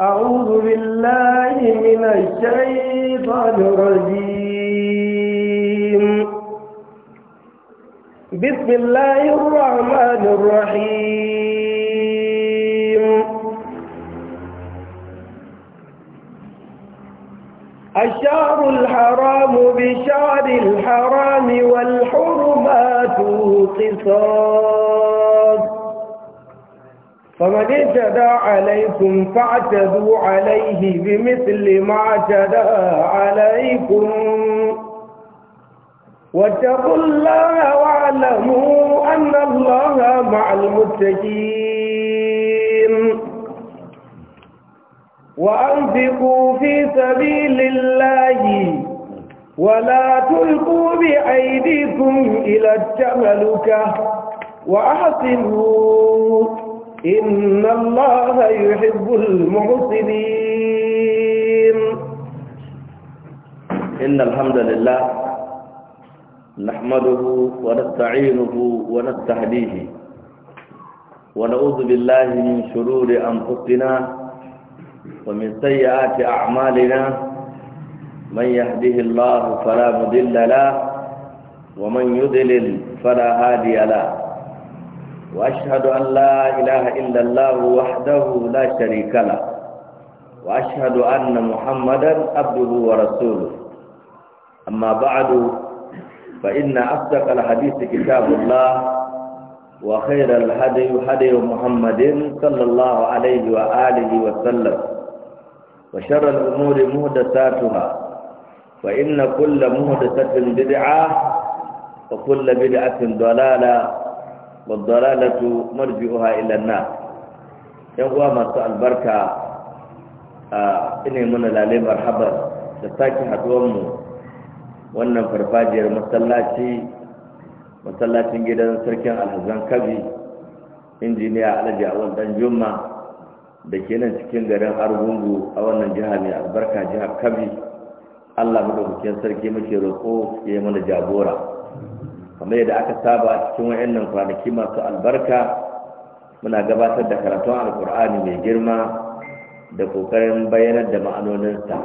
أعوذ بالله من الشيطان الرجيم بسم الله الرحمن الرحيم الشهر الحرام بشهر الحرام والحرمات قصاص فمن اعتدى عليكم فاعتدوا عليه بمثل ما اعتدى عليكم واتقوا الله واعلموا أن الله مع المتقين وأنفقوا في سبيل الله ولا تلقوا بأيديكم إلى التملكة وأحسنوا إن الله يحب المحسنين إن الحمد لله نحمده ونستعينه ونستهديه ونعوذ بالله من شرور أنفسنا ومن سيئات أعمالنا من يهده الله فلا مضل له ومن يضلل فلا هادي له وأشهد أن لا إله إلا الله وحده لا شريك له وأشهد أن محمدا عبده ورسوله أما بعد فإن أصدق الحديث كتاب الله وخير الهدي هدي محمد صلى الله عليه وآله وسلم وشر الأمور مهدساتها وإن كل مهدسة بدعة وكل بدعة ضلالة waddalalatu marji'uha ila na nar yan uwa masu albarka ina muna lalai marhaban da sake haduwar mu wannan farfajiyar masallaci masallacin gidan sarkin alhazan kabi injiniya alhaji awal dan juma da ke nan cikin garin argungu a wannan jiha mai albarka jihar kabi allah mu madaukakin sarki muke roƙo ya yi mana jagora kamar yadda aka saba cikin wayannan kwanaki masu albarka muna gabatar da karatun alkur'ani mai girma da kokarin bayanar da ma'anoninsa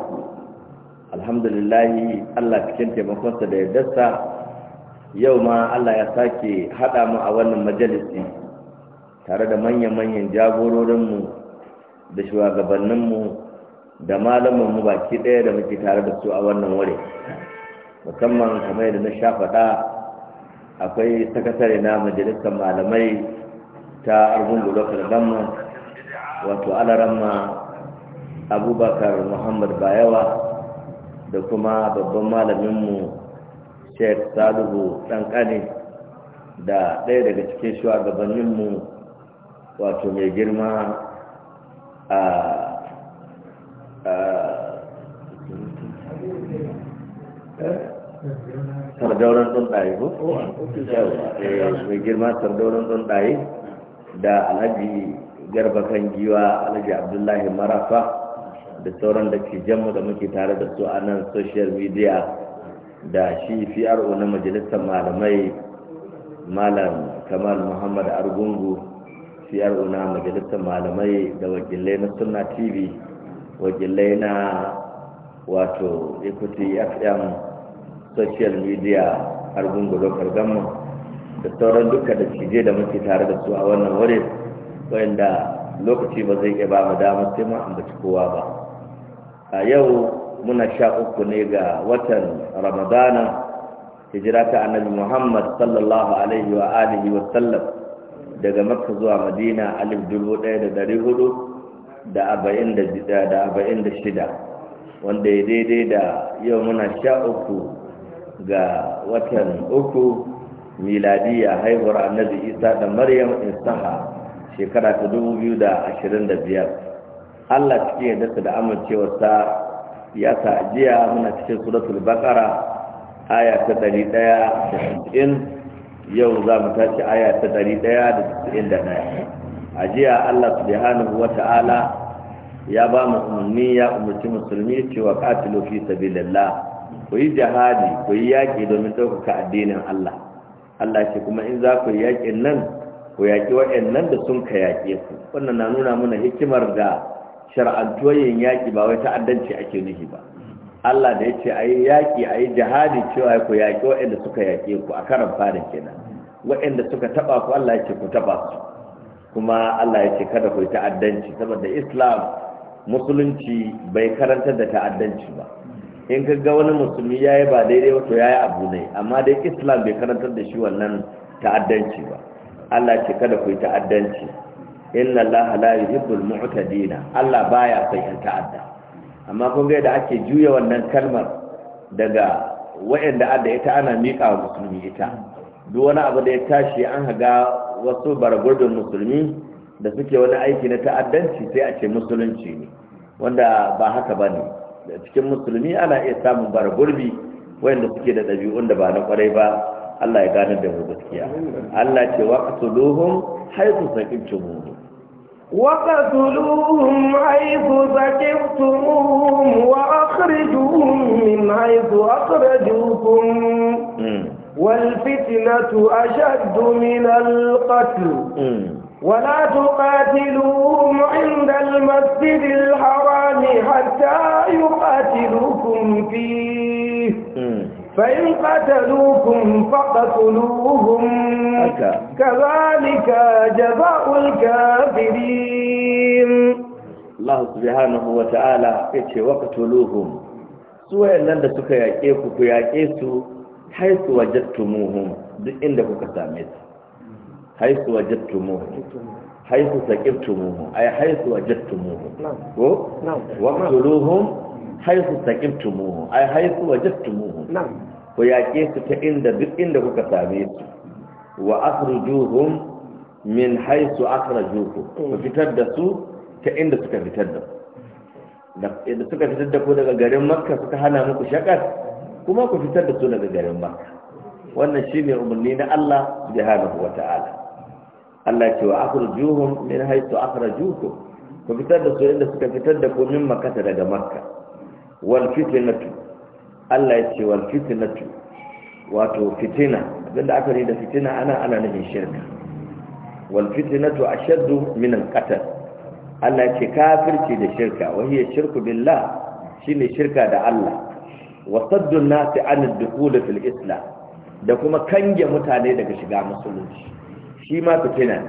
alhamdulillahi allah cikin taimakonsa da yardarsa yau ma allah ya sake haɗa mu a wannan majalisi tare da manya-manyan jagororinmu da shugabanninmu da malamanmu baki ɗaya da muke tare da su a wannan wuri musamman kamar yadda na sha faɗa akwai sakatare na majalisar malamai ta argungu lokacin gamma wato alaramma abubakar muhammad bayawa da kuma babban malaminmu sheik salihu ɗanƙane da ɗaya daga cikin shugabanninmu wato mai girma a a sardauran tsuntsaye ko? Oh, eh, mai girma sardauran tsuntsaye da alhaji garba kan giwa alhaji abdullahi marafa da sauran da ke jamu da muke tare da su a nan social media da shi pro na majalisar malamai malam kamal muhammad argungu pro na majalisar malamai da wakilai na sunna tv wakilai na wato ikuti fm social media har gungulo karganmu da sauran duka da cije da muke tare da su a wannan wurin wanda lokaci ba zai iya ba mu damar sai mun ambaci kowa ba a yau muna sha uku ne ga watan ramadana hijira ta annabi muhammad sallallahu alaihi wa alihi wa sallam daga makka zuwa madina alif dubu ɗaya da ɗari hudu da arba'in da shida wanda ya daidai da yau muna sha uku ga watan uku miladi miladiya haihuwar annabi isa da maryam isaha shekara ta biyar. allah cikin yadda da amincewarsa ya sa ajiya muna cikin suratul bakara aya ta in yau za mu tashi aya ta ɗaya. a jiya allah subhanahu wa ta'ala ya ba mu umarni ya umarci musulmi cewa katilu fi sabilillah ku yi jihadi ku yi yaƙi domin ɗaukaka addinin Allah Allah ce kuma in za ku yi yaƙin nan ku yaƙi nan da sun ka yaƙe ku wannan na nuna mana hikimar da shar'antoyin yaƙi ba wai ta'addanci ake nufi ba Allah da ya ce a yi yaƙi a yi jihadi cewa ku yaƙi waɗanda suka yaƙe ku a karan fara kenan waɗanda suka taɓa ku Allah ya ce ku taɓa su kuma Allah ya ce kada ku yi ta'addanci saboda Islam musulunci bai karantar da ta'addanci ba in ka ga wani musulmi ya yi ba daidai wato ya yi abu ne amma dai islam bai karantar da shi wannan ta'addanci ba allah ce kada ku yi ta'addanci inna allah la yuhibbul mu'tadina allah baya sai in ta'adda amma kun ga da ake juya wannan kalmar daga wa'anda adda ita ana mika wa musulmi ita duk wani abu da ya tashi an haga wasu baragurdin musulmi da suke wani aiki na ta'addanci sai a ce musulunci ne wanda ba haka ba ne da cikin musulmi ana iya samun bara gurbi wayanda suke da ɗabi'un da ba na kwarai ba Allah ya gane da mu gaskiya Allah ce wa qatuluhum haythu saqimtumuhum وقتلوهم حيث سكفتموهم وأخرجوهم من حيث أخرجوكم والفتنة أشد من القتل ولا تقاتلوهم عند المسجد الحرام حتى يقاتلوكم فيه فإن قتلوكم فقتلوهم كذلك جزاء الكافرين Allah subhanahu wa ta'ala ya ce wa katuluhum su wayannan da suka yaƙe ku yaƙe su haisu duk inda kuka same su haisu wajadtumuhu haisu saqibtumuhu ay haisu wajadtumuhu ko waqtuluhum haisu saqibtumuhu ay haisu wajadtumuhu su ta inda duk inda kuka same su wa akhrijuhum min haisu ku mm. fitar da su ta inda suka fitar da da suka fitar da ku daga garin makka suka hana muku shakar kuma ku fitar da su daga garin makka wannan shine umarni na Allah subhanahu wata'ala Allah ce wa akhrijuhum min haythu akhrajukum ku fitar da su inda suka fitar da ku min makka daga makka wal fitnatu Allah ya ce wal fitnatu wato fitina abinda aka da fitina ana ana nufin shirka wal fitnatu ashaddu min al qatl Allah ya ce kafirci da shirka wahiya shirku billah shine shirka da Allah wa saddun nasi an dukhul fil islam da kuma kange mutane daga shiga musulunci shi ma fitina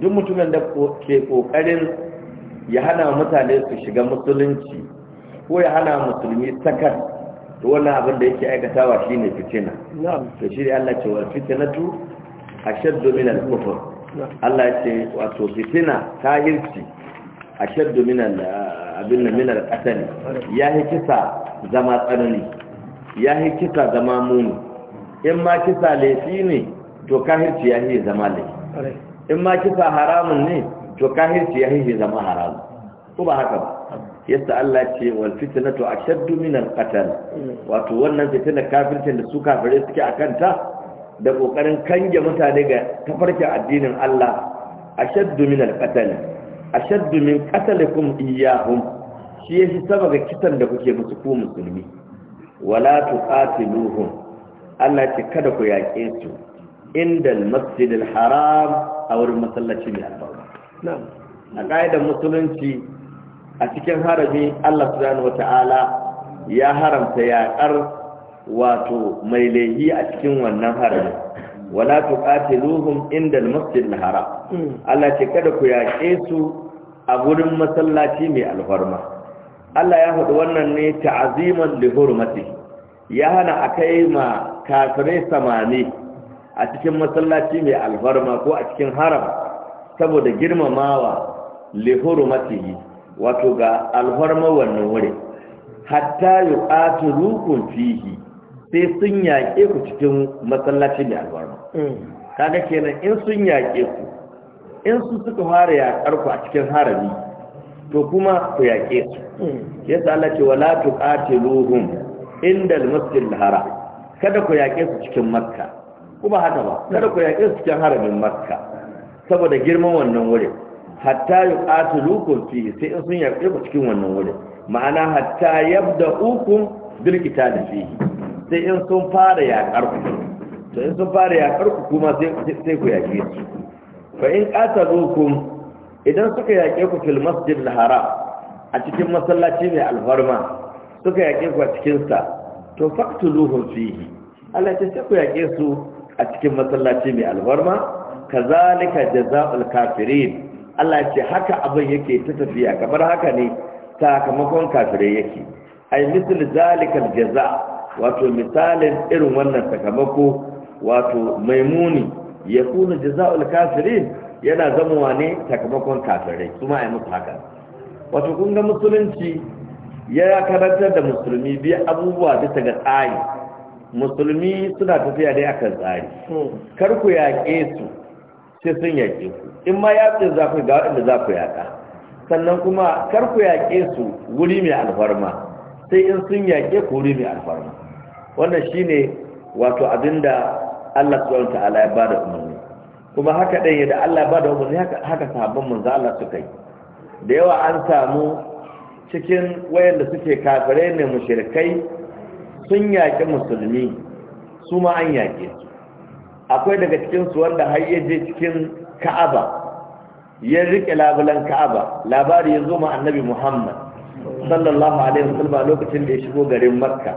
duk mutumin da ke kokarin ya hana mutane su shiga musulunci ko ya hana musulmi sakar to wannan abin da yake aikatawa shine fitina to shi Allah ce tu a ashaddu min al kufur Allah ce wato fitina ta a ashaddu min abin min al-qatl ya yi kisa zama tsanani ya yi kisa zama muni in ma kisa laifi ne to kahirci ya yi zama ne in ma kisa haramun ne to kahirci ya yi zama haramun ko ba haka ba Yasa Allah ce wal fitnatu ashaddu min al qatl wato wannan fitnar kafircin da su kafirai suke akan ta da kokarin kange mutane ga tafarkin addinin Allah ashaddu min al qatl ashaddu min qatlikum iyyahum shi yake sababa kitan da kuke musu ku musulmi wala tuqatiluhum Allah ce kada ku yaƙe su inda masjid haram a wurin masallaci mai albarka a ƙa'idar musulunci a cikin harami Allah subhanahu wata'ala ya haramta yaƙar wato mai laihi a cikin wannan harami wala tuqatiluhum inda al-masjid haram mm. Allah ce kada ku yaƙe su a wurin masallaci mai alfarma Allah ya haɗu wannan ne ta'aziman li hurmati ya hana kai ma kafirai samani a cikin masallaci mai alfarma ko a cikin haram saboda girmamawa lihuru matihi wato ga alfarma wannan wuri hatta yi rukun fihi sai sun yaƙe ku cikin masallaci mai alfarma mm. kaga kenan in sun yaƙe ku in su suka fara yaƙar ku a cikin harami to kuma ku yaƙe su mm. yasa Allah ce wala tuqatiluhum inda al-masjid al-haram kada ku yaƙe su cikin makka ko ba haka ba kada ku yaƙi su cikin haramin makka saboda girman wannan wurin hatta yi lukun fi sai in sun yaƙi ku cikin wannan wurin ma'ana hatta yadda hukum bil da fi sai in sun fara yaƙar ku to in sun fara yaƙar ku kuma sai ku yaƙe su fa in lukun idan suka yaƙe ku fil masjid al haram a cikin masallaci mai alfarma suka yaƙe ku a cikinsa to faqtuluhum fihi Allah ya ce ku yaƙe su a cikin masallaci mai albarma kazalika jaza'ul kafirin Allah ce haka abin yake ta tafiya kamar haka ne sakamakon kafirai yake ai misal zalikal jaza wato misalin irin wannan sakamako wato maimuni ya kuna jaza'ul kafirin yana zamowa ne sakamakon kafirai kuma ai musu haka wato kun ga musulunci ya karantar da musulmi bi abubuwa bisa ga tsari musulmi suna tafiya dai akan tsari hmm. kar ku yaƙe su sai sun yaƙe ku in ma yaƙin za ku ga waɗanda za ku yaƙa sannan kuma kar ku yaƙe su wuri mai alfarma sai in sun yaƙe ku wuri mai alfarma wannan shi ne, wato abinda Allah subhanahu ta'ala ya bada umarni kuma haka ɗan yadda Allah ya bada umarni haka haka sahabban manzo Allah suka yi da yawa an samu cikin wayanda suke kafirai ne mushrikai sun yaƙi musulmi su ma an yaƙe su akwai daga cikinsu wanda har ya je cikin ka'aba ya riƙe labulan ka'aba labari ya zo ma annabi muhammad sallallahu alaihi wasallam lokacin da ya shigo garin makka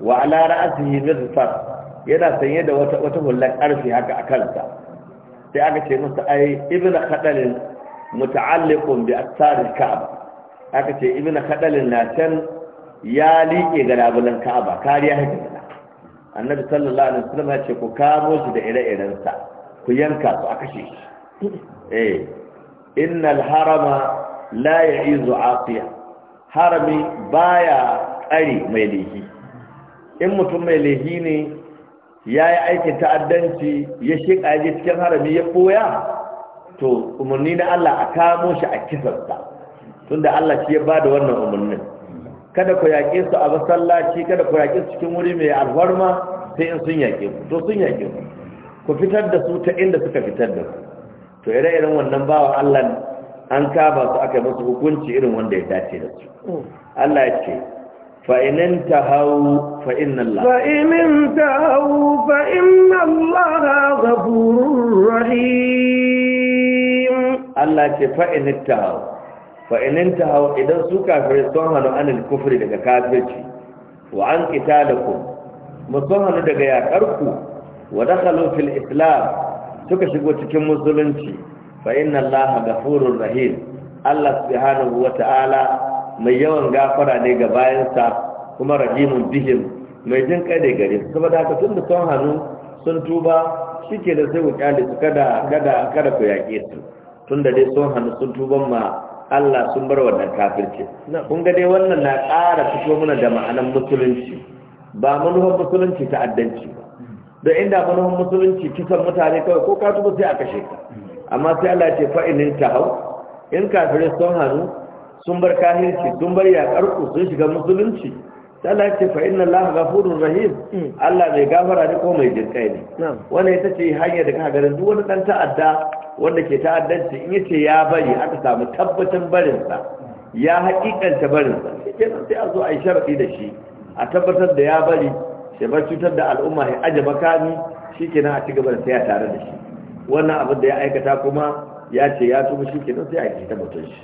wa ala ra'asihi mizfar yana sanye da wata wata hullar ƙarfi haka a kansa sai aka ce masa ai ibnu khadalin muta'alliqun bi asar al-ka'aba aka ce ibnu khadalin na can ya liƙe ga labulan ka'aba kariya haka gana annabi sallallahu alaihi wasallam ya ce ku kamo shi da ire iren sa, ku yanka su a kashe shi eh innal harama la ya'izu afiya harami baya tsari mai lehi in mutum mai lehi ne ya yi aikin ta'addanci ya shika je cikin harami ya boya to umarni na Allah a kamo shi a kisarsa tunda Allah shi ya bada wannan umarnin kada ku yaƙe su a masallaci kada ku yaƙe su cikin wuri mai alfarma sai in sun yaƙe ku to sun yaƙe ku ku fitar da su ta inda suka fitar da ku to ire-iren wannan bawa Allah an kaba su aka musu hukunci irin wanda ya dace da su Allah ya ce fa'inin ta hau fa'in Allah fa'inin ta hau fa'in Allah ga rahim Allah ce fa'inin ta hau fa ta hau idan su kafirai sun hannu anil kufri daga kafirci wa an qitalakum musun hannu daga yakarku wa dakhalu fil islam suka shigo cikin musulunci fa inna allaha ghafurur rahim allah subhanahu wa ta'ala mai yawan gafara ne ga bayansa kuma rahimun bihim mai jin kai da gare su saboda haka tun da sun hannu sun tuba shike da sai ku kyale kada kada kada ku yaƙe su Tunda da dai sun hannu sun tuban ma Allah sun bar wannan kafirci kun ga dai wannan na ƙara fito mana da ma'anar musulunci ba manufar musulunci ta addanci ba da inda manufar musulunci kisan mutane kawai ko ka tuba sai a kashe ka amma sai Allah ce fa'inin ta hau in kafirai sun hannu sun bar kahirci sun bar ku sun shiga musulunci sai Allah ya ce fa inna Allah ghafurur rahim hmm. Allah bai gafara ne ko mai jinkai ne wannan ita ce hanyar da kaga garin duk wani dan ta'adda wanda ke ta'addanci in yace ya bari aka samu tabbacin barin sa ya hakikanta barin sa kenan sai a zo a yi sharadi da shi a tabbatar da ya bari sai ba cutar da al'umma ya aje makami shikenan a cigaba da tsaya tare da shi wannan abin da ya aikata kuma ya ce ya tuba shikenan sai a yi shi. mutunci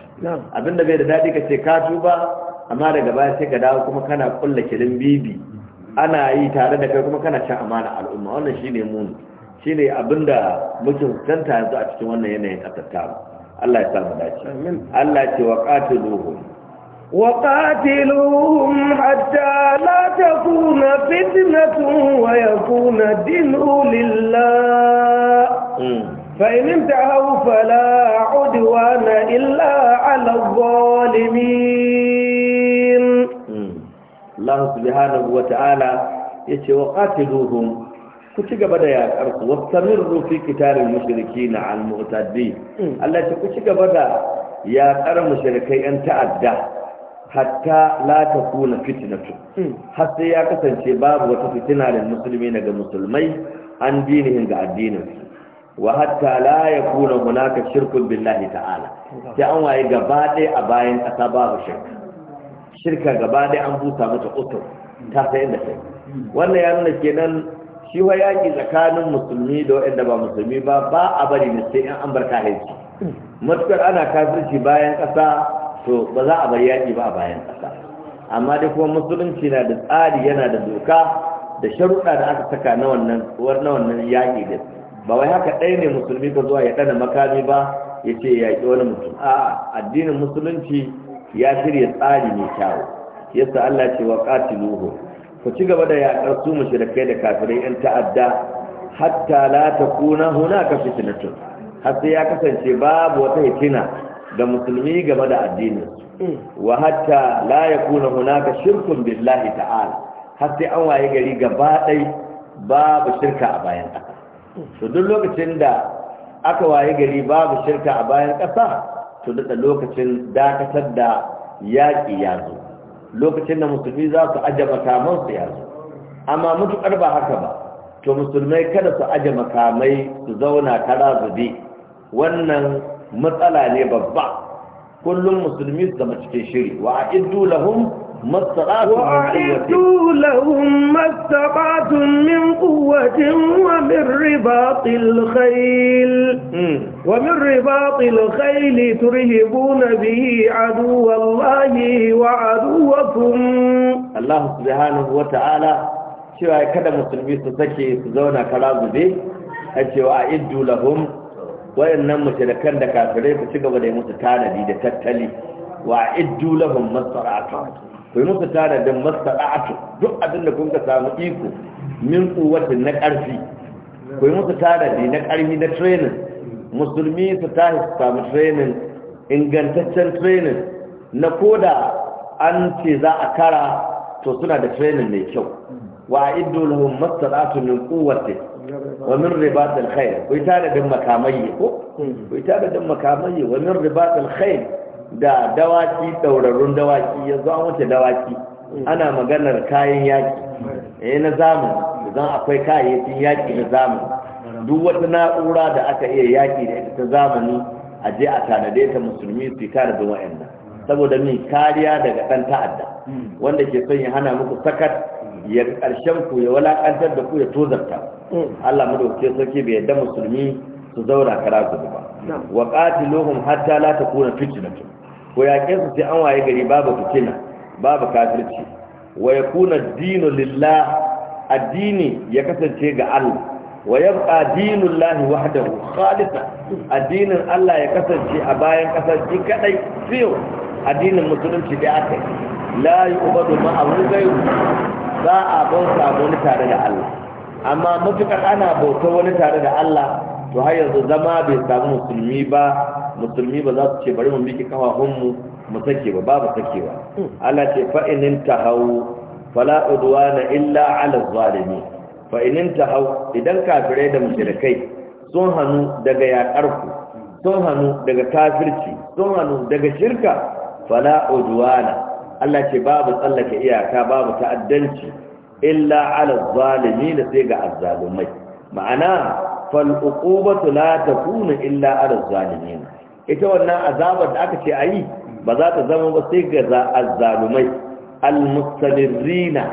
abinda bai da dadi ka ce ka tuba amma daga baya sai ka dawo kuma kana kulla kilin bibi ana yi tare da kai kuma kana cin amana al'umma wannan shine mun shine abinda muke hukunta yanzu a cikin wannan yanayin kasar Allah ya samu dace Allah ce wa qatiluhum وقاتلوهم حتى لا تكون فتنة ويكون الدين لله فإن انتهوا فلا عدوان إلا على الظالمين Allah subhanahu wa ta'ala yace wa qatiluhum ku ci gaba da yakar su wastamirru fi qitalil mushrikeena al mu'taddi Allah ce ku ci gaba da yakar mushrikai yan ta'adda hatta la takuna fitnatu har sai ya kasance babu wata fitina da musulmi daga musulmai an dinihin ga addinin su wa hatta la yakuna hunaka shirkun billahi ta'ala sai an waye gaba ɗaya a bayan ƙasa babu shirka shirka gaba dai an busa mata uku ta ta da kai wannan ya nuna kenan shi wa yaƙi tsakanin musulmi da waɗanda ba musulmi ba ba a bari ne sai an bar kahirci matukar ana kafirci bayan ƙasa to ba za a bari yaƙi ba a bayan ƙasa amma dai kuma musulunci na da tsari yana da doka da sharuɗa da aka saka na wannan na wannan yaƙi da ba wai haka ɗaya ne musulmi ka zuwa ya ɗana makami ba ya ce yaƙi wani mutum a'a addinin musulunci ya shirya tsari mai kyawu yasa Allah ce wa qatiluhu ku ci gaba da yakar su kai da kafirai yan ta'adda hatta la takuna hunaka fitnatun har sai ya kasance babu wata hitina ga musulmi game da addinin wa hatta la yakuna hunaka shirkun billahi ta'ala har sai an waye gari gaba dai babu shirka a bayan ƙasa to duk lokacin da aka waye gari babu shirka a bayan ƙasa to duka lokacin dakatar da yaƙi ya zo lokacin da musulmi za su aje makamansu ya zo amma mutuƙar ba haka ba to musulmai kada su aje makamai su zauna kara zube wannan matsala ne babba kullum musulmi su zama cikin shiri wa a iddu lahum ما استطعتم وأعدوا لهم ما استطعتم من قوة ومن رباط الخيل ومن رباط الخيل ترهبون به عدو الله وعدوكم الله سبحانه وتعالى cewa kada musulmi su sake su zauna kara zube a cewa a iddu lahum wayannan mushrikan da kafirai su ci gaba da musu tanadi da tattali wa iddu ku yi musu tare da masta'atu duk abin da kun ka samu iko min kuwatin na ƙarfi ku yi musu tare da na ƙarfi na training musulmi su tashi samu training ingantaccen training na koda an ce za a kara to suna da training mai kyau wa iddu lahum min kuwatin wa min ribat al-khair ku yi tare da makamai ko ku yi tare da makamai wa min ribat al-khair da dawaki ɗaurarrun dawaki yanzu an wuce dawaki ana maganar kayan yaƙi eh na zamani zan akwai kayayyakin yaƙi na zamani duk wata na'ura da aka iya yaki da ita ta zamani a je a tanade ta musulmi su kare da wa'annan saboda min kariya daga ɗan ta'adda wanda ke son ya hana muku sakat ya karshen ku ya walaƙantar da ku ya tozarta Allah madauke sarki bai yarda musulmi su zaura kara ba wa qatiluhum hatta la takuna fitnatun ko ya su sai an waye gari babu fitina babu kafirci wa yakuna dinu lillah addini ya kasance ga Allah wa yabqa dinu lahi wahdahu khalisa addinin Allah ya kasance a bayan ji kadai fiyo addinin musulunci da aka la yu'badu ma abu gairu ba a bauta wani tare da Allah amma mutukar ana bauta wani tare da Allah to har yanzu zama bai samu musulmi ba musulmi ba za su ce bari mu miki kafafun mu sake ba babu sake ba. Allah ce fa inin tahawu fala udwana illa ala zalimi fa inin tahawu idan kafirai da mushrikai sun hanu daga yakar ku sun hanu daga kafirci sun hanu daga shirka fala udwana Allah ce babu tsallake iyaka babu ta'addanci illa ala zalimi da sai ga azzalumai ma'ana fal fal'uqubatu la takunu illa ala zalimin ita wannan azabar da aka ce a yi ba za ta zama ba sai ga al-mustadirina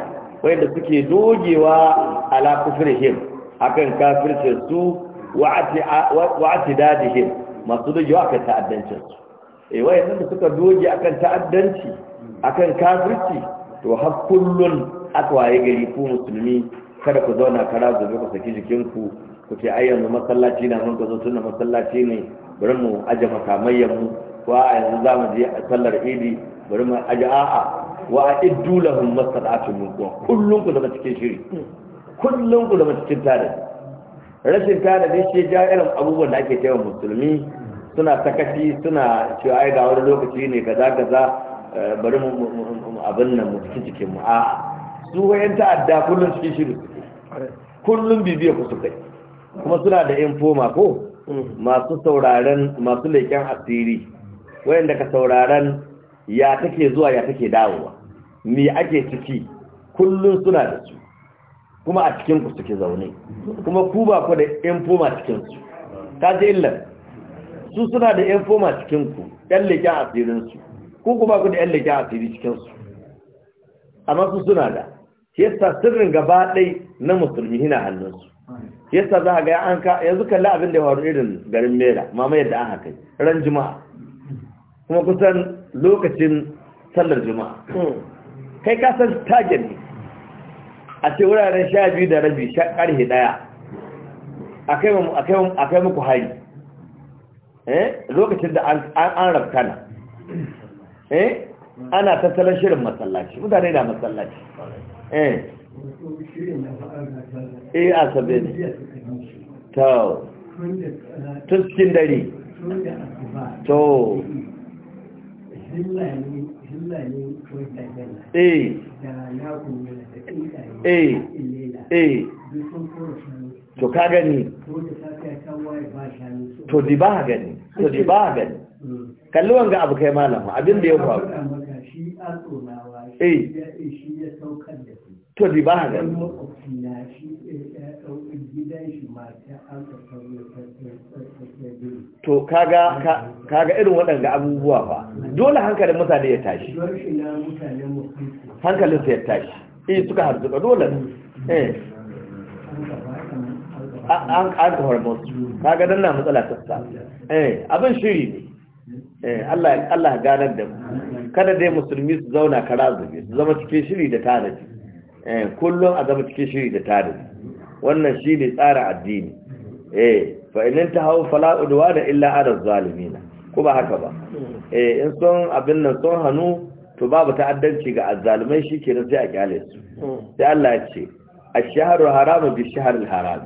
wai wanda suke dogewa ala kufrihim akan kafircin su wa atidadihim masu dogewa akan ta'addancin su eh wayannan da suka doge akan ta'addanci akan kafirci to har kullun aka waye gari ku musulmi kada ku zauna kara gobe ku saki jikinku ku ce ai yanzu masallaci na mun gazo tunda masallaci ne bari mu aje makamayyan mu ko a yanzu za mu je a sallar idi bari mu aje a'a wa a iddu lahum masallatu min kuwa kullun ku zama cikin shiri kullun ku zama cikin tare rashin tare ne shi ja irin abubuwan da ake cewa musulmi suna sakaci suna cewa ai ga wani lokaci ne kaza kaza eh, bari mu abin nan mu cikin cikin mu a'a su wayan ta'adda kullun cikin shiri kullun bibiya ku su kai kuma suna da ma ko mm. masu sauraren masu leken asiri wayanda ka sauraren ya take zuwa ya take dawowa me ake ciki kullun suna da su kuma a cikin ku suke zaune kuma ku ba ku da ma cikin su ta ji illa su suna da ma cikin ku yan leken asirin su ku kuma ku da yan leken asiri cikin su amma su suna da yasa sirrin gaba ɗai na musulmi hina hannunsu yasa za ga an ka yanzu kalla abin da faru irin garin mera mama yadda an haka ran juma'a kuma kusan lokacin sallar juma'a hmm. kai ka san target ne a ce wuraren sha biyu da rabi sha karhe daya a kai muku hari eh? lokacin da an rabtana. Eh? ana tattalin shirin masallaci mutane na masallaci eh? eh a ne to tuskin dare to eh. eh eh to ka gani to di ba gani to di ba gani kalli wanga abu kai malama abin da ya faru eh to di ba ga eh, to kaga kaga irin waɗanda abubuwa ba dole hankalin mutane ya tashi hankalin su ya tashi e suka harzuka dole eh an ka hormon kaga dan na matsala ta sa eh abin shiri ne eh Allah Allah ganar da mu kada dai musulmi su zauna kara zube su zama cikin shiri da tanaji Eh, kullum a zama cikin shiri da tare wannan shi ne tsara addini eh fa ta hau fala'uduwa da illa ala zalimina ko ba haka ba eh in son abin nan sun hannu to babu ta'addanci ga azzalumai ke sai a kyale su sai Allah ya ce a shahru haramu bi a haram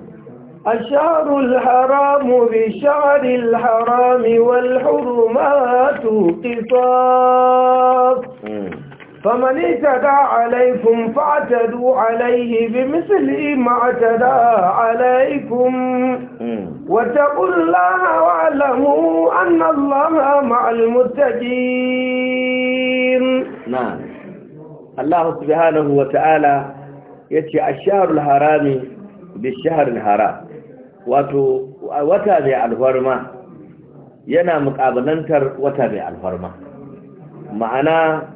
الشهر bi بشعر الحرام والحرمات قصاص فمن اعتدى عليكم فاعتدوا عليه بمثل ما اعتدى عليكم واتقوا الله واعلموا أن الله مع المتقين نعم الله سبحانه وتعالى يتي الشهر الحرام بالشهر الحرام wato wata mai alfarma yana mukabalantar wata mai alfarma ma'ana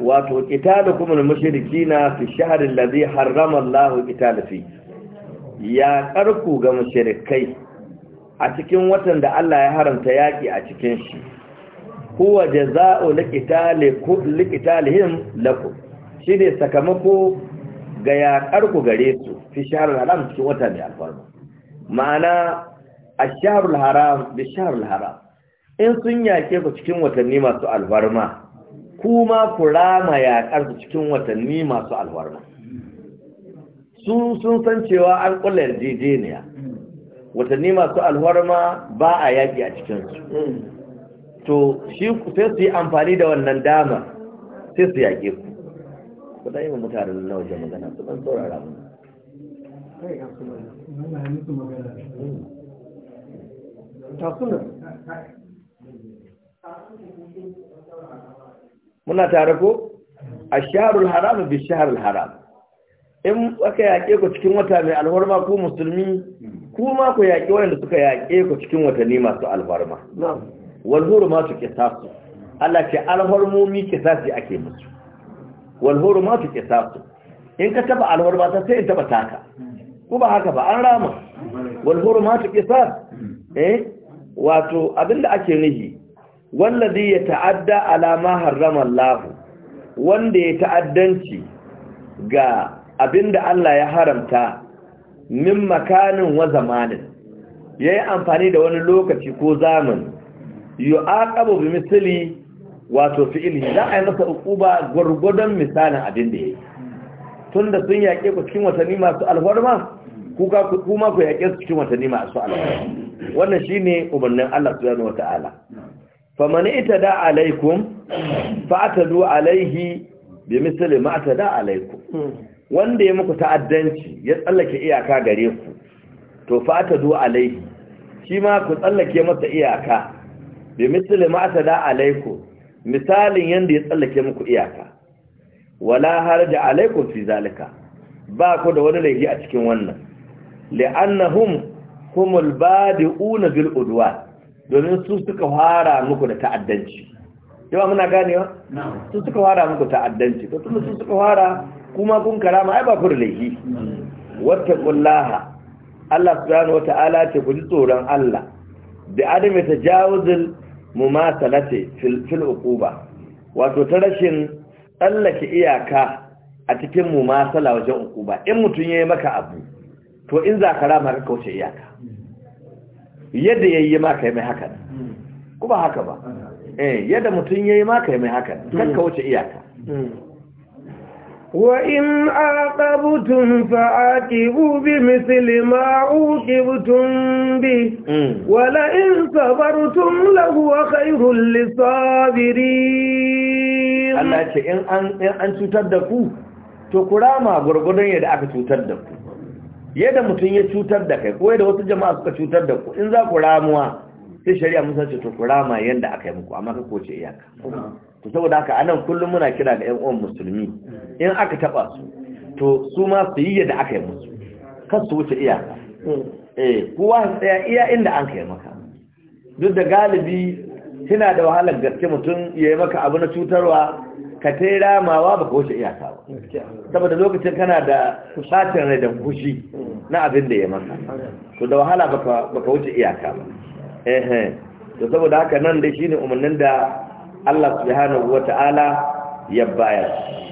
wato kuma na mushrikina fi shahr alladhi harrama Allah qital fi ya karku ga mushrikai a cikin watan da Allah ya haramta yaki a cikin shi huwa jazaa'u liqitalikum liqitalihim lakum ne sakamako ga karku gare su fi shahrul haram cikin wata da alfarma ma'ana a shahrul haram bi shahrul haram in sun yake ku cikin watanni masu alfarma kuma ku rama yaƙar da cikin watanni masu alwarma su sun san cewa an ƙulla yarjejeniya watanni masu alwarma ba a yaƙi a cikinsu to shi sai su yi amfani da wannan dama sai su yaƙe ku ku ɗaya mutane na waje magana su ɗan saurara ta suna muna tare ko asharul haram bi shahril haram in aka yaƙe ku cikin wata mai alfarma ku musulmi ma ku yaƙe wanda suka yaƙe ku cikin watanni masu alfarma wal hurumatu qisasu Allah ce alfarmomi qisasi ake musu wal hurumatu qisasu in ka taba alfarma ta sai in taba taka ku ba haka ba an rama wal hurumatu qisas mm. eh wato abinda ake nihi wallazi ya ta'adda alama harrama Allah wanda ya ta'addanci ga abinda Allah ya haramta min makanin wa zamanin yayi amfani da wani lokaci ko zamani yu'aqabu bi misli wato fi'ili za a yi masa uquba gurgudan misalin abinda yayi tunda sun yake ku cikin watanni masu alfarma kuka kuma ku yake su cikin watanni masu alfarma wannan shine ubannin Allah subhanahu wataala faman da alaikum fa'tadu alaihi bi misali ma da alaikum wanda ya muku ta'addanci ya tsallake iyaka gare ku to fa'tadu alaihi shi ma ku tsallake masa iyaka bi misli ma atada alaikum misalin yanda ya tsallake muku iyaka wala harja alaikum fi zalika ba ku da wani laifi a cikin wannan li'annahum humul badi'una bil udwan domin su suka fara muku da ta'addanci yawa muna ganewa su suka fara muku ta'addanci to tun su suka fara kuma kun karama ai ba ku da laifi kullaha Allah subhanahu wata'ala ce ku ji tsoron Allah bi adami tajawuzil mumasalati fil fil uquba wato ta rashin tsallake iyaka a cikin mumasala wajen uquba in mutun yayi maka abu to in za ka rama ka kauce iyaka yadda ya yi maka ya mai hakan ba haka ba eh, yadda mutum ya yi maka ya mai hakan kakka wuce iyaka wa in aqabtum fa aqibu bi mithli ma uqibtum bi hmm. wa la in sabartum la huwa khayrun lis sabirin Allah ce in an an cutar da ku to kurama gurgudan yadda aka cutar da ku yadda mutum ya cutar da kai ko yadda wasu jama'a suka cutar da ku in za ku ramuwa sai shari'a musa ce to ku rama yadda aka yi muku amma ka koce iyaka to saboda haka anan kullum muna kira ga yan uwan musulmi in aka taba su to su ma su yi yadda aka yi musu kan su wuce iyaka eh kowa tsaya iya inda an kai maka duk da galibi suna da wahalar gaske mutum ya yi maka abu na cutarwa ka ta yi ramawa ba ka wuce iyaka ba saboda lokacin kana da satin rai da fushi mm. na abin da ya maka to da wahala ba ka wuce iyaka ba eh to saboda haka nan dai shine umarnin da Allah subhanahu wata'ala ya bayar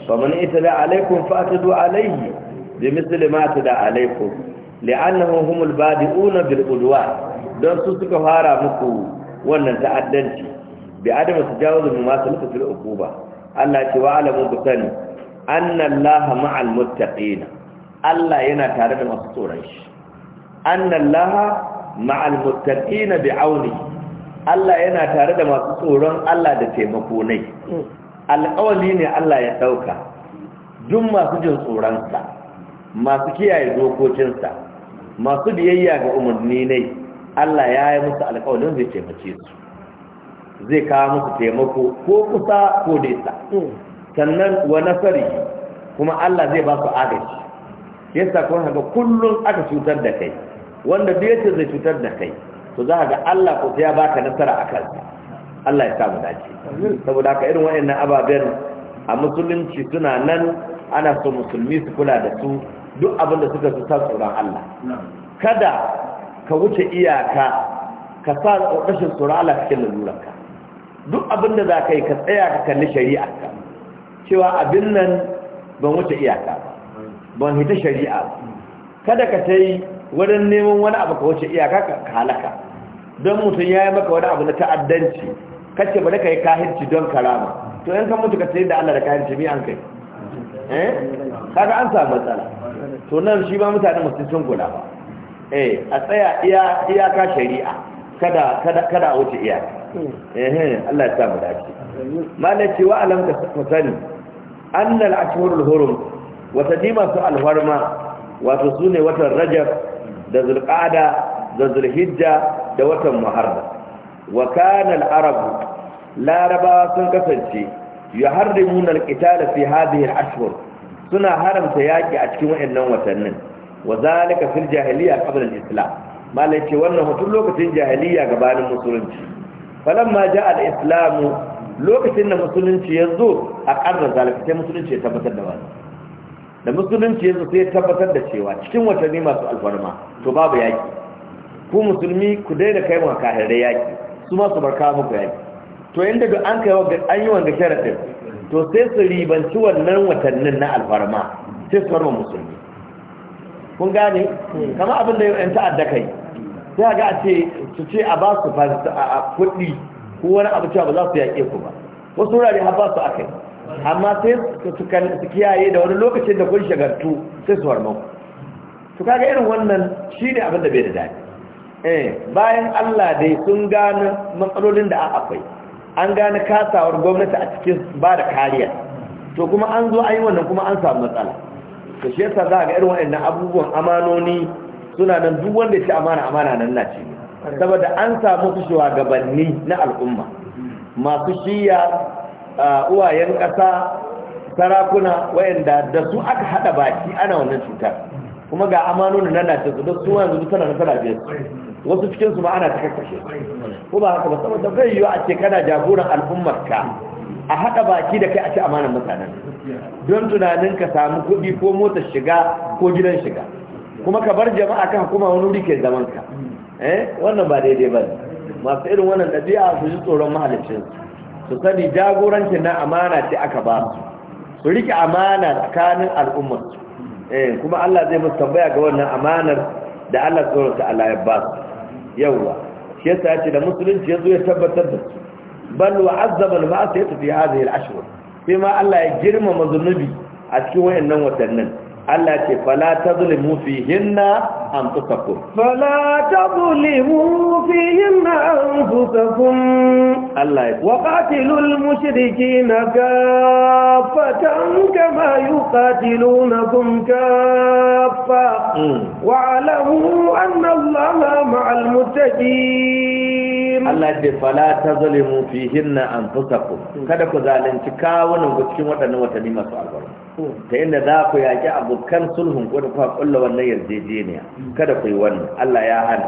fa man itala alaikum fa atadu alayhi bi misli ma atada alaikum li'annahum humul badi'una bil don su suka fara muku wannan ta'addanci bi adama su jawo zumin masu nufa fil ukuba Allah ce wa alamu ku sani annallaha ma'al muttaqin Allah yana tare da masu tsoron shi annallaha ma'al muttaqin bi auni Allah yana tare da masu tsoron Allah da taimako ne alƙawali ne Allah ya dauka duk masu jin tsoron sa masu kiyaye dokokinsa masu biyayya ga umarni ne Allah ya yi musu alƙawarin zai taimake su zai kawo musu taimako ko kusa ko nesa hmm. sannan wa nasari kuma Allah zai ba su agaji yasa kun haka kullum aka cutar da kai wanda duk yace zai cutar da kai to za ga Allah ko ya baka nasara a kansa Allah ya sa mu dace saboda haka irin wayannan ababen a musulunci suna nan ana so musulmi su kula da su duk abin da suka su san tsoron Allah kada ka wuce iyaka ka sa rashin tsoron Allah cikin lalurarka duk abinda da za ka yi ka tsaya ka kalli shari'a ka cewa abin nan ban wuce iyaka ba ban hita shari'a ba kada ka ta yi wurin neman wani abu ka wuce iyaka ka halaka don mutum ya yi maka wani abu na ta'addanci ka ba da ka yi kahinci don karama to yan kan mutu ka tsaye da Allah da kahinci mi an kai eh kaga an samu matsala to nan shi ba mutane mutum sun kula ba eh a tsaya iya ka shari'a kada kada kada a wuce iya eh Allah ya sa mu dace ce wa alam ka sani annal ashhurul hurum wa tadima su alharma wato sune watan rajab da zulqa'da da zulhijja da watan muharram wa kana al-arab laraba sun kasance yuharrimuna al-qital fi hadhihi al-ashhur suna haramta yaki a cikin wayannan watannin wa zalika fil jahiliya qabl al-islam malai ce wannan hutun lokacin jahiliya gabanin musulunci falamma ja al islam lokacin da musulunci yazo a karra zalika sai musulunci ya tabbatar da wani da musulunci yazo sai ya tabbatar da cewa cikin watanni masu alfarma to babu yaki. ku musulmi ku daina kai wa kahirai yaki su ma su barka muku yaƙi to inda duk an kai wanga an yi wanda sharadin to sai su ribanci wannan watannin na alfarma sai su farma musulmi kun gane kama abin da yan ta'adda kai sai a ga a ce su ce a ba su kudi ko wani abu cewa ba za su yaƙe ku ba wasu wurare ha ba su a kai. amma sai su kiyaye da wani lokacin da kun shagartu sai su harmau su kaga irin wannan shi ne abin da bai da dadi. Eh, bayan Allah dai sun gane matsalolin da akwai an gane kasawar gwamnati a cikin ba da kariya to kuma an zo an yi wannan kuma an samu matsala da shi yasa za a ga irin waɗannan abubuwan amanoni suna nan duk wanda ci amana amana nan na ce saboda an samu su gabanni na al'umma masu shiya uwayen ƙasa sarakuna wayanda da su aka haɗa baki ana wannan cutar kuma ga amanoni nan na ce su da su yanzu duk tana nasara biyar wasu cikin su ma ana ta ko ba haka ba saboda bai yiwu a ce kana jagoran al'ummar ka a haɗa baki da kai a ci amanar mutanen don tunanin ka samu kuɗi ko motar shiga ko gidan shiga kuma ka bar jama'a kan kuma wani wuri ke zaman ka eh wannan ba daidai ba masu irin wannan ɗabi'a su ji tsoron mahalicin su sani jagorancin na amana ce aka ba su su rike amana tsakanin al'ummar eh kuma Allah zai musu tambaya ga wannan amanar da Allah tsoron ta Allah ya ba su yawwa shi yasa ya ce da musulunci ya zo ya tabbatar da su bal wa azzaba al-ma'siyata fi hadhihi al-ashhur bima Allah ya girmama zunubi a cikin wayannan watannin Allah ya ce fala tazlimu fihinna anfusakum fala tazlimu fihinna anfusakum Allah wa qatilul mushrikeena kaffatan kama yuqatilunakum kaffa wa alamu anna Allaha ma'al muttaqin Allah ce fala ta mu fi hinna an fusaku kada ku zalunci kawunan ku cikin waɗannan watanni masu albarka ta inda za ku yaƙi abokan sulhun ko da kuka kulla wannan yarjejeniya kada ku yi wannan Allah ya hana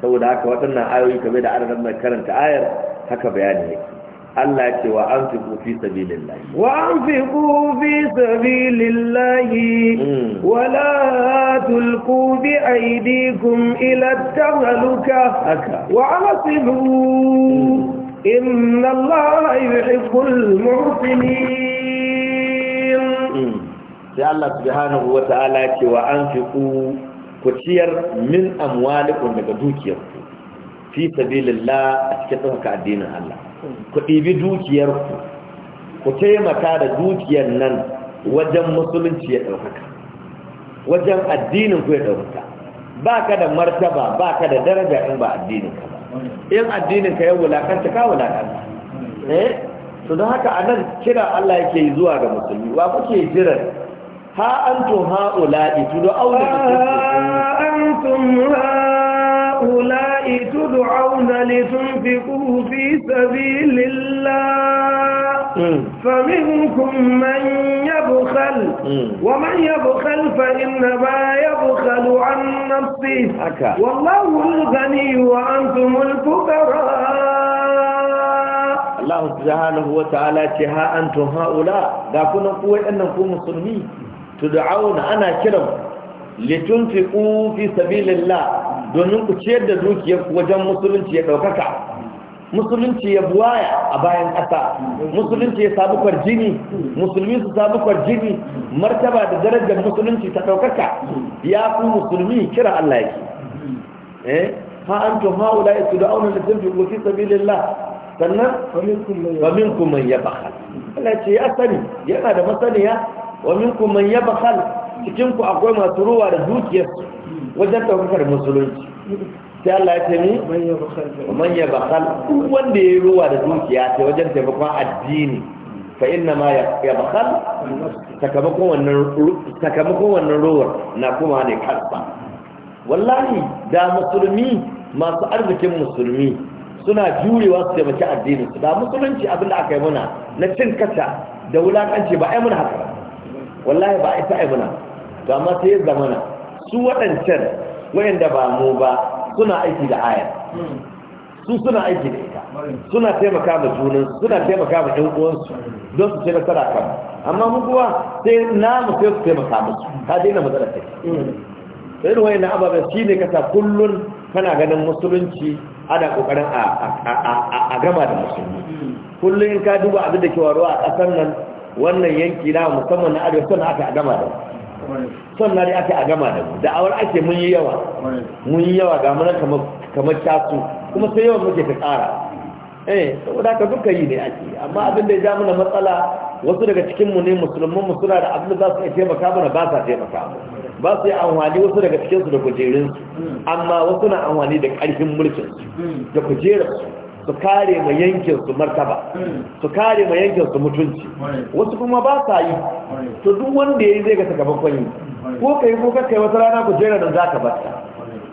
saboda haka waɗannan ayoyi kabe da adadin mai karanta ayar haka bayani yake Allah ya ce wa an fi fi sabilillahi wa an fi kufi sabilillahi hmm. wa wala tulqu bi aydikum ila tahaluka haka wa anasibu إن الله يحب المحسنين يا الله سبحانه وتعالى وأنفقوا كتير من أموالكم لك دوكير في سبيل الله أتكتبك الدين allah. ku ɗibi dukiyarku ku taimaka da dukiyar nan wajen musulunci ya ɗaukaka wajen addinin ku ya ɗaukaka ba ka da martaba ba ka da daraja in ba addinin ka ba in addinin ka ya wulakanta ka wulakanta eh su don haka a nan kira Allah yake zuwa ga musulmi wa kuke jiran ha antum ha'ula'i tudu auna ha antum ha'ula'i هؤلاء تدعون لتنفقوا في سبيل الله فمنكم من يبخل ومن يبخل فإنما يبخل عن نفسه والله الغني وأنتم الفقراء الله سبحانه وتعالى تها أنتم هؤلاء لا كنا قوة أنكم مسلمين تدعون أنا كرم في سبيل الله domin ku ciyar da dukiyarku wajen musulunci ya ɗaukaka musulunci ya buwaya a bayan ƙasa musulunci ya sabu jini, musulmi su sabu jini, martaba da darajar musulunci ta ɗaukaka ya fi musulmi kira Allah yake eh ha antum haula yatud'una litunfiqu fi sabilillah sannan wa minkum man yabkhal Allah ce ya sani yana da masaniya wa minkum man yabkhal cikin ku akwai masu ruwa da dukiyarsu wajen ɗaukakar musulunci sai Allah ya taimi manya bakal duk wanda ya yi ruwa da dukiya sai wajen taimakon addini fa inna ma ya bakal sakamakon wannan ruwa na kuma ne karfa, wallahi da musulmi masu arzikin musulmi suna jurewa su taimaki addini su da musulunci abin da aka yi muna na cin kasa da wulakanci ba ai muna haka wallahi ba ai ta ai muna to amma sai ya zamana su waɗancan wayanda ba mu ba suna aiki da aya su suna aiki da ita suna taimaka ma junan suna taimaka ma ɗan uwansu don su ce nasara kan amma mu kuma sai mu sai su taimaka musu ka daina matsala ta sai irin wayan ababen shi ne kasa kullun kana ganin musulunci ana kokarin a gama da musulmi kullun in ka duba abin da ke waruwa a ƙasar nan wannan yanki na musamman na arewa suna aka gama da son na dai aka a gama da mu da awar ake mun yi yawa mun yi yawa ga mana kamar casu kuma sai yawan muke ta tsara eh saboda ka duka yi ne ake amma abin da ya ja mana matsala wasu daga cikinmu ne musulman mu suna da abin da za su iya taimaka mana ba sa taimaka ba su yi amfani wasu daga cikinsu da kujerinsu amma wasu na amfani da karfin mulkin da kujerarsu su kare ma yankin su martaba su kare ma yankin su mutunci wasu kuma ba sa yi to duk wanda yayi zai ga sakamakon yi ko kai ko ka kai wata rana ku jera nan zaka bata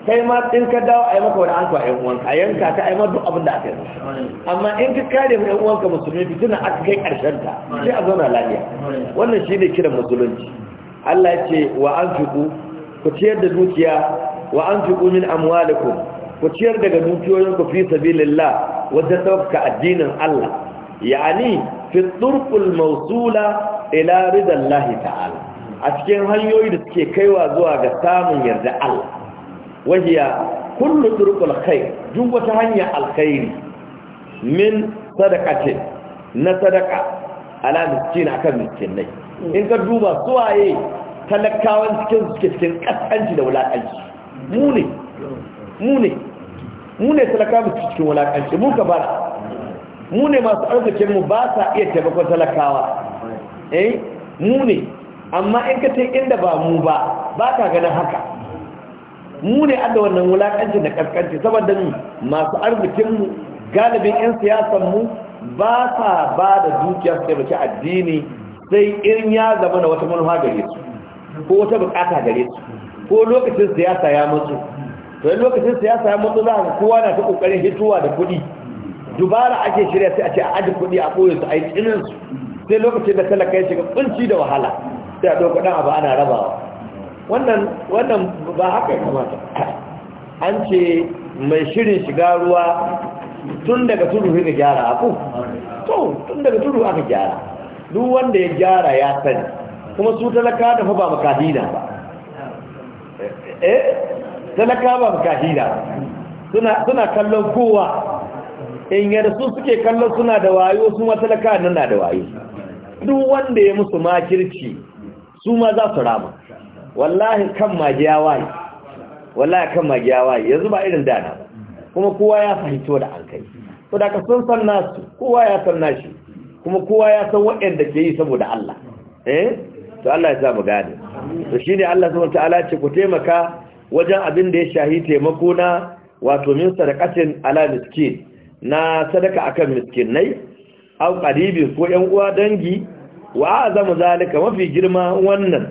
kai ma in ka dawo yi maka wani anka ai uwan ka yanka ta ai ma duk abin da aka yi amma in ka kare mai uwan ka musulmi fitina aka kai karshen ta sai a zauna lafiya wannan shine kiran musulunci Allah ya ce wa anfiqu ku ciyar da dukiya wa anfiqu min amwalikum ku ciyar daga dukiyoyin ku fi sabilillah wadda sauka addinin Allah yani fi turqul mawsula ila ridallahi ta'ala a cikin hanyoyi da suke kaiwa zuwa ga samun yarda Allah wahiya kullu turqul khair duk wata hanya alkhairi min sadaqati na sadaqa ala miskin akan miskinai in ka duba suwaye talakawan cikin suke cikin kaskanci da wulakanci mu ne mu ne mu ne talaka mu cikin wulakanci mu ka bara mu ne masu arzikin mu ba sa iya taimakon talakawa eh mu ne amma in ka tai inda ba mu ba ba ka ganin haka mu ne adda wannan wulakanci da kaskanci saboda mu masu arzikin mu galibin yan siyasan mu ba sa ba da dukiya su taimaki addini sai in ya zama da wata manufa gare su ko wata bukata gare su ko lokacin siyasa ya mutu to yin lokacin siyasa ya matsala ga kowa na ta kokarin hituwa da kuɗi dubara ake shirya sai a ce a aji kuɗi a koyo su a yi tsinin su sai lokacin da talaka ya shiga kunci da wahala sai a ɗauka ɗan abu ana rabawa wannan wannan ba haka ya kamata an ce mai shirin shiga ruwa tun daga tudu ga gyara aku to tun daga tudu aka gyara duk wanda ya gyara ya sani kuma su talaka da fa ba makadina ba eh, eh talaka ba makashi da suna kallon kowa in yadda su suke kallon suna da wayo su ma talaka nan na da wayo duk wanda ya musu makirci su ma za su rama wallahi kan magiya waye wallahi kan magiya waye yanzu ba irin dana kuma kowa ya fahimto da an kai to da ka sun san nasu kowa ya san nashi kuma kowa ya san waɗanda ke yi saboda Allah eh to Allah ya sa mu gane to shine Allah subhanahu wa ta'ala ce ku taimaka wajen abin da ya shahi taimako na wato min sadakatin ala miskin na sadaka akan miskinai au qaribi ko yan uwa dangi wa azamu zalika mafi girma wannan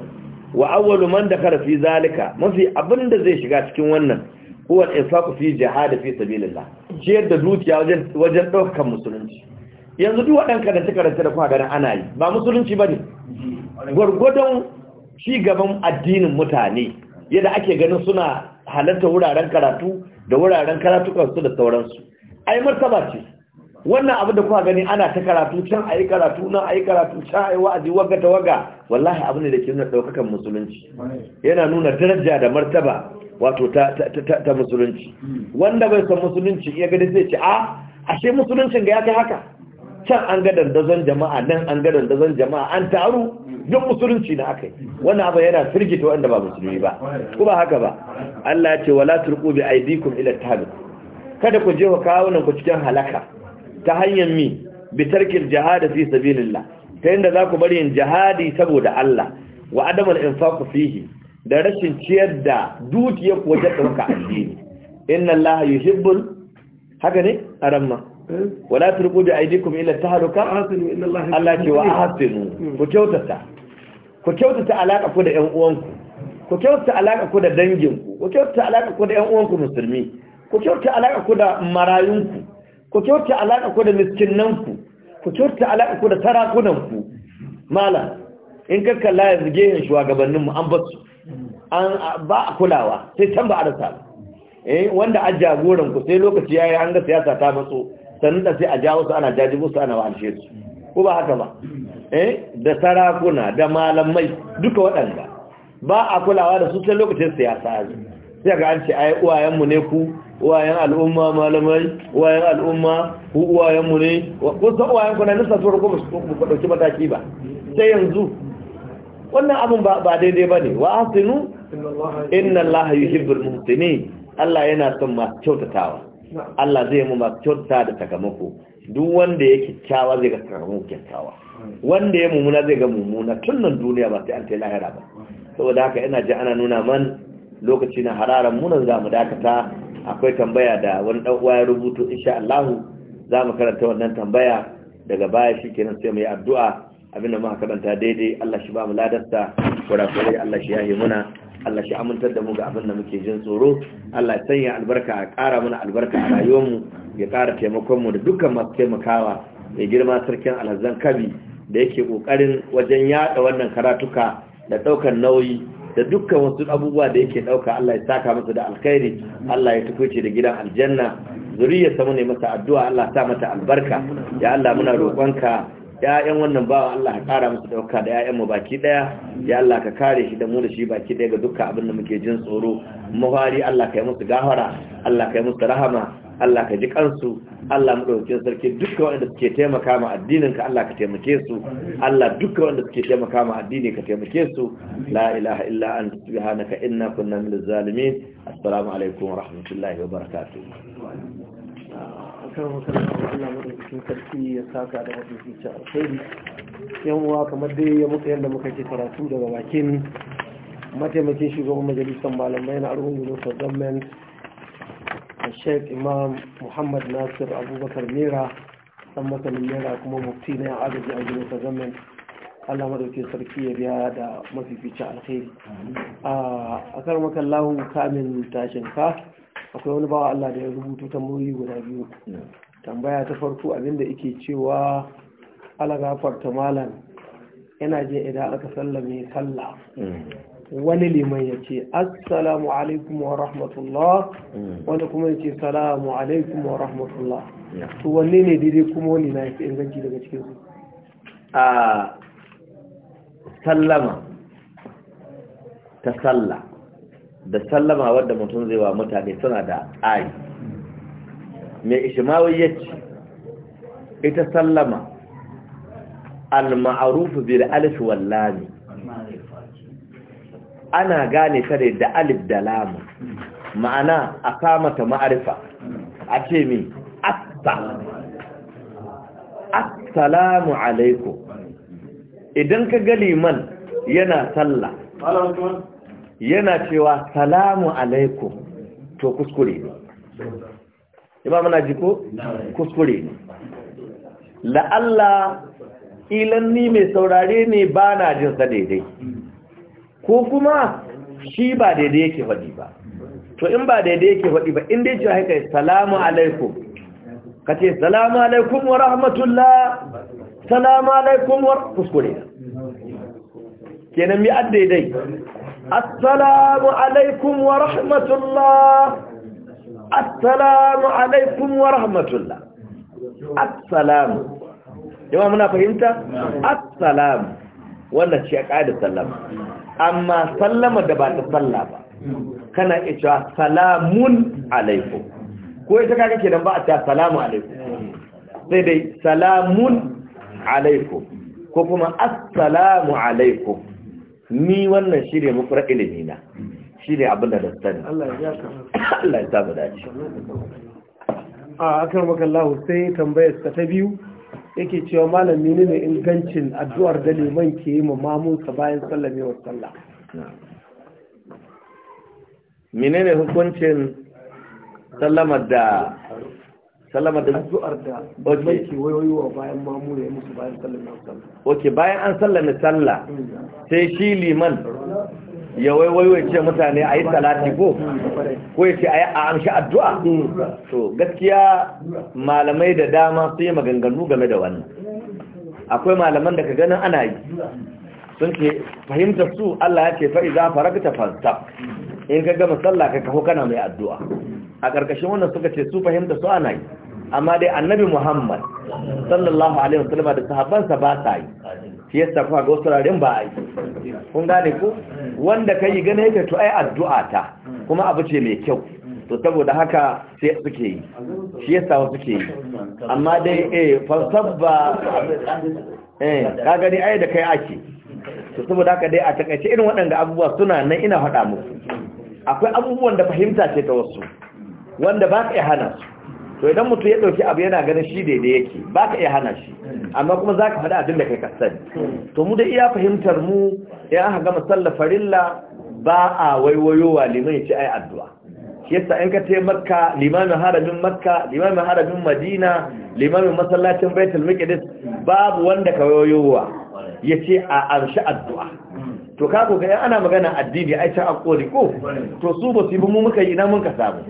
wa awwalu man dakara fi zalika mafi abin da zai shiga cikin wannan ko wa infaqu fi jihad fi sabilillah ciyar da zuciya wajen wajen daukar musulunci yanzu duk wadanka da suka rantsa da kuma ganin ana yi ba musulunci bane Gwargwadon ci gaban addinin mutane yadda ake ganin suna halarta wuraren karatu da wuraren karatukansu da sauransu ai martaba ce wannan abin da kuka gani ana ta karatu can ayi karatu a ayi karatu can yi wa'azi waga ta waga wallahi abin da ke nuna ɗaukakan musulunci yana nuna daraja da martaba wato ta musulunci wanda bai san musulunci iya gani zai ce a ah, ashe musuluncin ga ya kai haka can an ga dandazon jama'a nan an ga dandazon jama'a an taru duk musulunci na akai wannan abu yana firgita wanda ba musulmi ba ko ba haka ba Allah ya ce wala turqu bi aidikum ila tahalluk kada ku je ku kawo nan ku cikin halaka ta hanyar mi bi tarkil jihad fi sabilillah ta yanda za ku bari yin jihadi saboda Allah wa adamul infaqu fihi da rashin ciyar da dukiyar ku wajen ɗauka addini inna Allah yuhibbul haka ne aramma wala turku da aidikum ila tahaluka Allah ce wa ahsinu ku kyautata ku kyautata alaka ku da ƴan uwanku ku kyautata alaka ku da danginku ku kyautata alaka ku da ƴan uwanku musulmi ku kyautata alaka ku da marayunku ku kyautata alaka ku da miskinanku ku kyautata alaka ku da tarakunanku mala in ka kalla yanzu gehen shugabanninmu an basu an ba kulawa sai can ba a eh wanda a jagoran ku sai lokaci yayi an ga siyasa ta matso sannan da sai a jawo su ana jaji su ana wahalshe su ko ba haka ba eh da sarakuna da malamai duka waɗanda ba a kulawa da su sai lokacin siyasa ne sai ga an ce ai uwayenmu ne ku uwayen al'umma malamai uwayen al'umma ku uwayenmu ne ko san uwayen ku na nisa su ko ku dauki mataki ba sai yanzu wannan abin ba ba daidai bane wa asinu inna allaha yuhibbul muhsinin Allah yana son masu kyautatawa Allah zai mu masu da sakamako duk wanda ya kyakkyawa zai ga sakamako kyakkyawa wanda ya mummuna zai ga mummuna tun nan duniya ba sai an tai lahira ba saboda haka ina ji ana nuna man lokaci na hararan munan za mu dakata akwai tambaya da wani dan uwa ya rubuto insha Allah za mu karanta wannan tambaya daga baya shikenan sai mu yi addu'a abinda muka karanta daidai Allah shi ba mu ladarsa kurakurai Allah shi yahe muna Allah shi amintar da mu ga abin da muke jin tsoro Allah sanya albarka a ƙara mana albarka a rayuwarmu ya ƙara taimakon mu da dukkan masu taimakawa ya girma sarkin alhazan kabi da yake ƙoƙarin wajen yaɗa wannan karatuka da ɗaukar nauyi da dukkan wasu abubuwa da yake ɗauka Allah ya saka masa da alkhairi Allah ya tukuce da gidan aljanna zuriyarsa mu ne masa addu'a Allah sa mata albarka ya Allah muna roƙonka Ya'yan wannan ba Allah ka kara musu dauka da ya'yan mu baki daya ya Allah ka kare shi da mu da shi baki daya ga dukkan abin da muke jin tsoro mafari Allah ka yi musu gafara Allah ka yi musu rahama Allah ka ji kansu Allah dauke sarki dukkan wanda suke taimaka ma addinin ka Allah ka taimake su Allah dukkan wanda suke taimaka ma addini ka taimake su la ilaha illa anta subhanaka inna kunna minaz zalimin assalamu alaikum wa rahmatullahi wa barakatuh kan wasannin Allah cikin sarki ya saka da wasu zuciya alkhairi yan uwa kamar dai ya muka yadda muka ke karatu daga bakin mataimakin shugaban majalisar malamai na arhun yunus government sheikh imam muhammad nasir abubakar mera dan masanin mera kuma mufti na yan agaji a yunus government Allah madaukakin sarki ya biya da mafificin alkhairi a kar makallahu kamin tashin ka akwai wani bawa Allah da ya ta muri guda biyu tambaya ta farko abinda ike cewa ala farta malam yana je idan aka sallame salla. wani liman ya ce assalamu alaikum wa rahmatullah wani kuma ya ce salamu alaikum wa rahmatullah to wanne ne daidai kuma wani na yafi inganci daga cikin su a sallama ta sallah da sallama wadda mutum zai wa mutane suna da tsari mai ishimawi ya ce ita sallama al bir alif wallami ana gane ta da alif da lama, ma'ana a kamata ma'arifa a ce mi assalamu alaikum idan ka gali man yana sallah yana cewa salamu alaikum to kuskure ne ima mana ji ko kuskure ne la'alla ilan ni mai saurare ne ba na jin sa daidai ko kuma shi ba daidai yake faɗi ba to in ba daidai yake faɗi ba inda ya ce haka salamu alaikum ka ce salamu alaikum wa rahmatullah salamu alaikum wa kuskure kenan mi an assalamu alaikum wa rahmatullah assalamu alaikum wa rahmatullah assalamu yawa muna fahimta assalamu wannan ce ya da sallama amma sallama da ba ta salla ba kana iya cewa salamun alaikum ko ita kaga kenan ba a ta salamu salamun ko kuma ni wannan shi ne mafura ilimi na shi ne abin da sani Allah ya samu dace a akan makallahu sai tambayar ta biyu yake cewa malami ne ne ingancin addu'ar da liman ke yi mamunsa bayan sallamewar sallah menene hukuncin sallamar da sallama da addu'ar da bai ke wa bayan mamu ya musu bayan sallama sallama ok bayan an sallama sallah sai shi liman ya wayoyi wa ce mutane a yi salati ko ko ya ce a amshi addu'a so gaskiya malamai da dama su yi maganganu game da wannan akwai malaman da ka ganin ana yi sun ce fahimtar su Allah ya ce fa'iza faragta falsaf in ka gama sallah ka kaho kana mai addu'a a ƙarƙashin wannan suka ce su fahimta su ana yi amma dai annabi muhammad sallallahu alaihi sallama da sahabbansa ba sa yi shi yasa kuma ga wasu ba a yi kun gane ku? wanda ka yi gane yake to ai addu'a ta kuma abu ce mai kyau to saboda haka sai suke yi shi yasa wasu suke yi amma dai eh falsafba eh ka gani ai da kai ake to saboda haka dai a takaice irin waɗanda abubuwa suna nan ina faɗa muku akwai abubuwan da fahimta ce ta wasu wanda ba ka iya hana su to idan mutum ya ɗauki abu yana ganin shi daidai yake ba ka iya hana shi amma kuma za ka faɗi abin da kai ka sani to mu da iya fahimtar mu in aka gama sallar farilla ba a waiwayowa liman ya ce ai addu'a shi yasa in ka taimaka makka limamin harabin makka limamin harabin madina limamin masallacin baitul maqdis babu wanda ka waiwayowa ya ce a arshi addu'a to ka ga yan ana magana addini ai ta akoli ko to su ba su yi mu muka yi na mun ka samu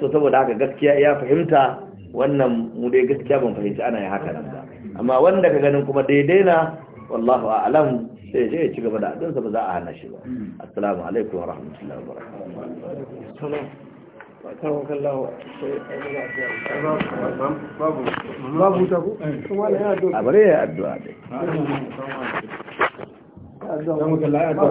so saboda haka gaskiya ya fahimta wannan mu dai gaskiya ban fahimci ana yi haka nan ba amma wanda ka ganin kuma daidai na wallahu a'lam sai ya ci gaba da sa ba za a hana shi ba assalamu alaikum wa rahmatullahi wa barakatuh babu ta ku kuma addu'a ya addu'a dai أدوهم